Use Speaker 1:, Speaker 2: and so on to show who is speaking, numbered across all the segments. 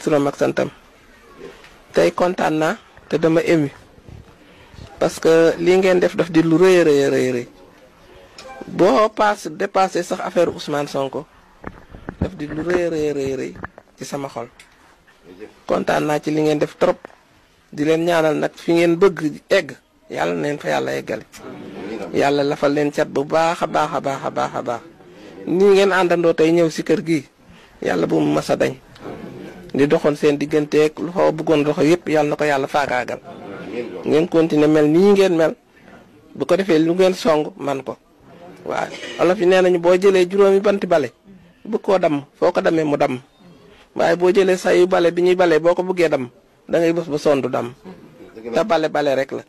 Speaker 1: turam ak santam tey kontaan naa te dama ému parce que lii ngeen def daf di lu rëy a rëy boo paas dépassé sax affaire Ousmane Sonko daf di lu rëy a rëy ci sama xol kontaan naa ci li ngeen def trop di leen ñaanal nag fi ngeen bëgg egg yàlla neen fa yàlla eggale yàlla lafal leen cat bu baax a baax a baax a baax a baax ni ngeen àndandoo tey ñëw si kër gi yàlla bu mu mas a dañ li doxoon seen digganteeg lu xaw a bëggoon loxo yëpp yàlla na ko yàlla faagaagal ngeen continuer mel nii ngeen mel bu ko defee lu ngeen song man ko waaw olof yi nee nañu boo jëlee juróomi banti bale bu koo damm foo ko dammee mu damm waaye boo jëlee saa yu bale bi ñuy balee boo ko bëggee damm da ngay bës ba sondu damm te bale bale rek la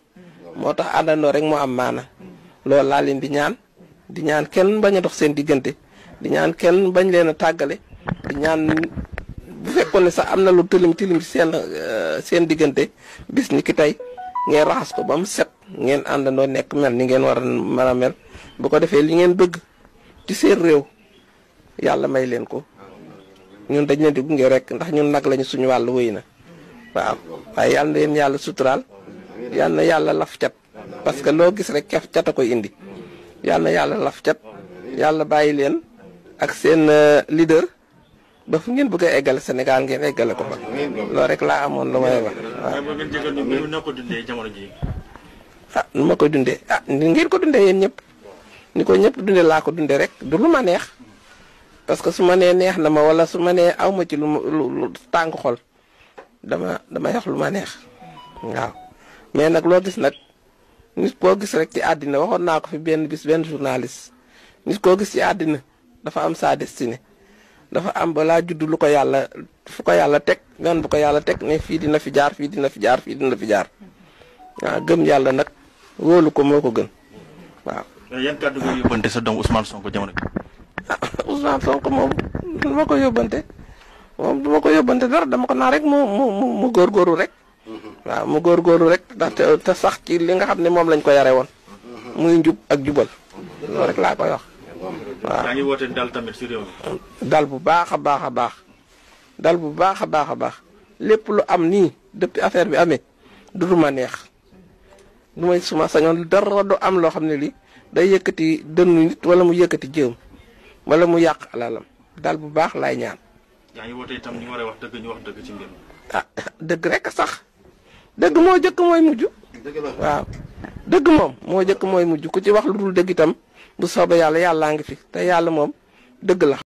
Speaker 1: moo tax àndandoo rek moo am maana loolu laa leen di ñaan di ñaan kenn bañ a dox seen diggante di ñaan kenn bañ leen a bu fekkoon ne sax am na lu tilim tilim seen euh, seen diggante bis ni ki tey ngeen raxas ko ba mu set ngeen àndandoo nekk mel ni ngeen war a mën mel bu ko defee li ngeen bëgg ci seen réew yàlla may leen ko ñun dañ leen di gunge rek ndax ñun nag lañu suñu wàll wéy na waaw waaye yàlla na yàlla suturaal yàlla na yàlla laf cat parce que loo gis rek kef cat a koy indi yàlla na yàlla laf cat yàlla bàyyi leen ak seen euh, leader ba fu ngeen bëgg a eggale Sénégal ngeen eggale ko fa. loolu rek laa amoon lu may wax waaw. ah nu ma koy dundee a ah, ni ngeen ko dundee yenn ñëpp. ni ko ñëpp dundee laa ko dundee rek du lu ma neex. parce que su ma nee neex na ma wala su ma nee aw ma ci lu lu tàng xol dama dama wax lu ma neex waaw mais nag loo gis nag nit koo gis rek ci àddina waxoon naa ko fi benn bis benn journalist ni koo gis ci àddina dafa am sa destinée dafa am balaa judd lu ko yàlla fu ko yàlla teg yoon bu ko yàlla teg ne fii dina fi jaar fii dina fi jaar fii dina fi jaar gëm yàlla nag wóolu ko moo ko gën waaw. yan kàddu nga yóbbante sa doom Ousmane Sonko jamono bi. Ah, Ousmane Sonko moom du ma ko yóbbante moom du yóbbante dara dama ko naan rek mu mu mu góorgóorlu rek. waaw mu góorgóorlu rek ndaxte te sax ci li nga xam ne moom lañ ko yare woon. Mm-hmm. muy njub ak jubal. loolu rek laa koy wax. waaw yaa ngi woote dal tamit ci réew bu baax a baax a baax dal bu baax a baax a baax lépp lu am nii depuis affaire bi amee du duduma neex du suma sañoon dara du am loo xam ne lii day yëkkati dënnu nit wala mu yëkkati jëm wala mu yàq alalam dal bu baax laay ñaan. ngi woote itam ñu war wax dëgg ñu wax ci mi. ah dëgg rek sax dëgg moo jëkk mooy mujj. waaw. dëgg moom moo jëkk mooy mujj ku ci wax lu dul dëgg itam bu soobee yàlla yàllaa ngi fi te yàlla moom dëgg la.